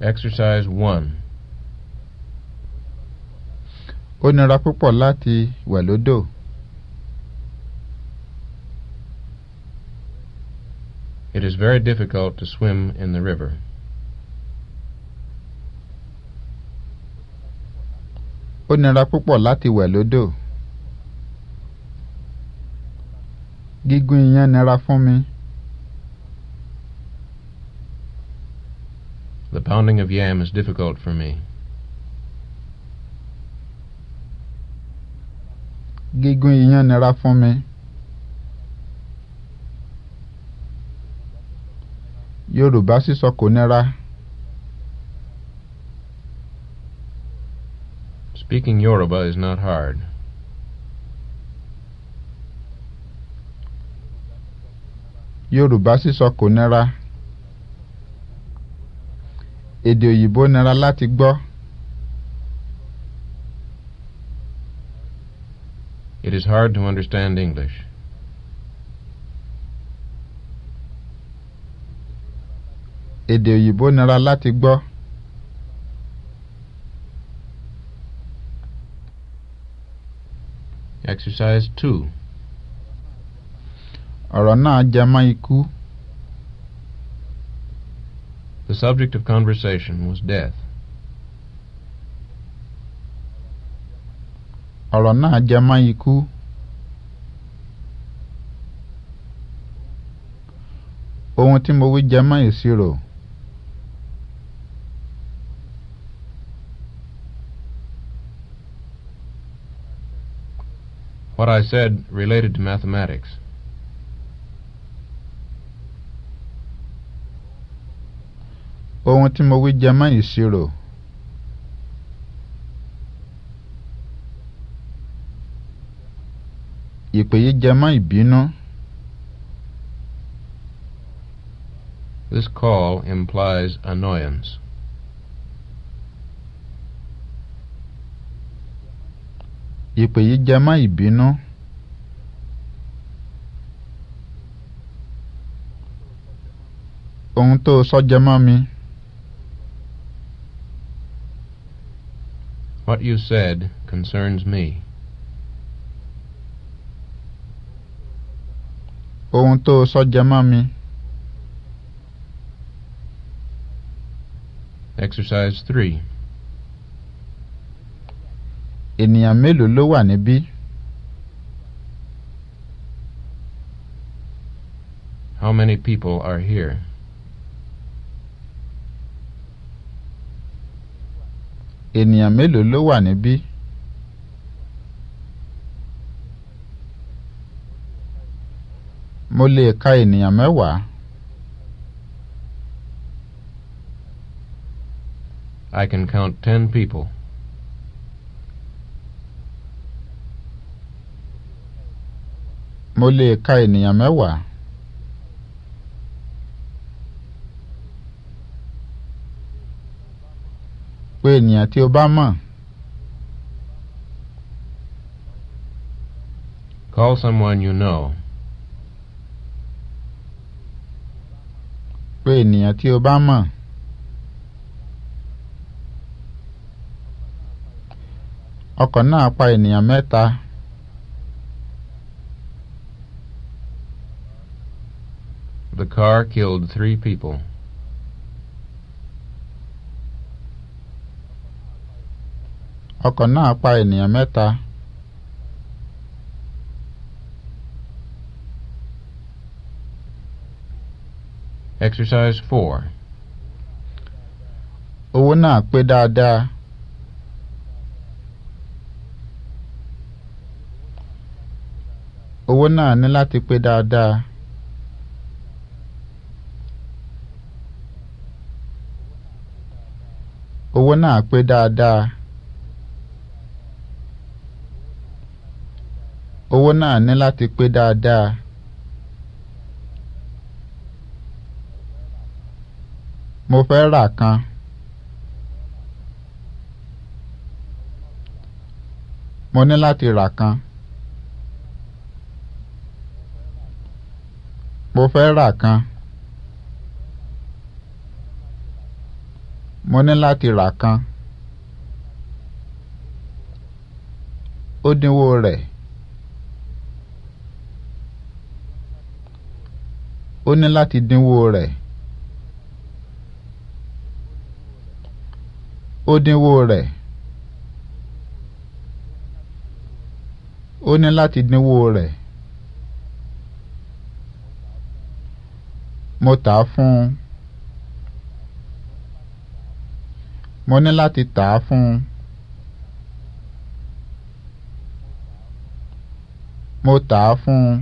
Exercise 1. Ó nira púpọ̀ láti wẹ̀ lódò. It is very difficult to swim in the river. Ó nira púpọ̀ láti wẹ̀ lódò. Gígùn iyán nira fún mi. The pounding of yam is difficult for me. Gígún iyán nira fún mi. Yorùbá sísọ kò nira. Speaking Yoruba is not hard. Yorùbá sísọ kò nira. èdè òyìnbó nira láti gbọ́. It is hard to understand English. Èdè òyìnbó nira láti gbọ́. Exercise two. Ọ̀rọ̀ náà jẹ mọ́ ikú. The subject of conversation was death. ohun jẹ mọ́ ìṣirò. What I said related to mathematics. ohun tí mo wí jẹ mọ́ ìṣirò ìpè yìí jẹ mọ́ ìbínú. This call implies annoyance. ìpè yìí jẹ mọ́ ìbínú. ohun tó sọ jẹ mọ́ mi. What you said concerns me. Ohun tó sọ jẹ mọ́ mi. Exercise three. Ènìyàn mélòó ló wà níbí? How many people are here? ènìyàn mélòó ló wà níbí? mo lè ka ènìyàn mẹ́wàá. I can count ten people. mo lè ka ènìyàn mẹ́wàá. pe ènìyàn tí o bá mọ̀. Call someone you know. Pe ènìyàn tí o bá mọ̀. Ọkọ̀ náà pa ènìyàn mẹ́ta. The car killed three people. ọkọ̀ náà pa ènìyàn mẹ́ta. Exercise four. Owó náà pé dáadáa. Owó náà ní láti pé dáadáa. Owó náà pé dáadáa. owó náà ní láti pé dáadáa. mo fẹ́ rà kan. mo ní láti rà kan. mo fẹ́ rà kan. mo ní láti rà kan. ó dínwó rẹ̀. ó ní láti dínwó rẹ̀ ó dínwó rẹ̀ ó ní láti dínwó rẹ̀ mo tà á fún un mo ní láti tà á fún un. mo tà á fún un.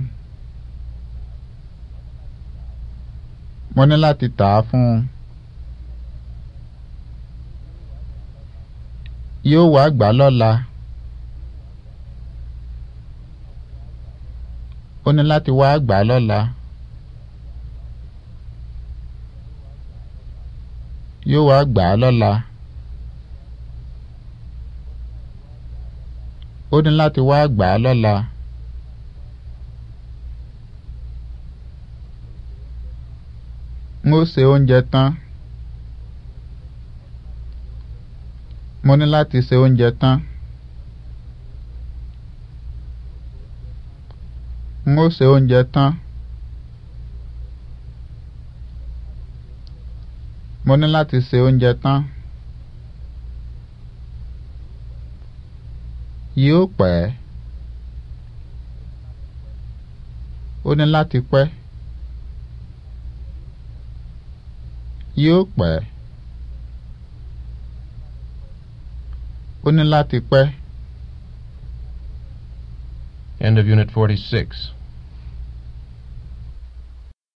mo ní láti tà á fún un. yóò wá gbà lọ́la. ó ní láti wá gbà lọ́la. yóò wá gbà lọ́la. ó ní láti wá gbà lọ́la. n ó ṣe oúnjẹ tán mo ní láti ṣe oúnjẹ tán n ó ṣe oúnjẹ tán mo ní láti ṣe oúnjẹ tán yóò pẹ́ ó ní láti pẹ́. yóò pẹ́ ó ní láti pẹ́. End of Unit 46.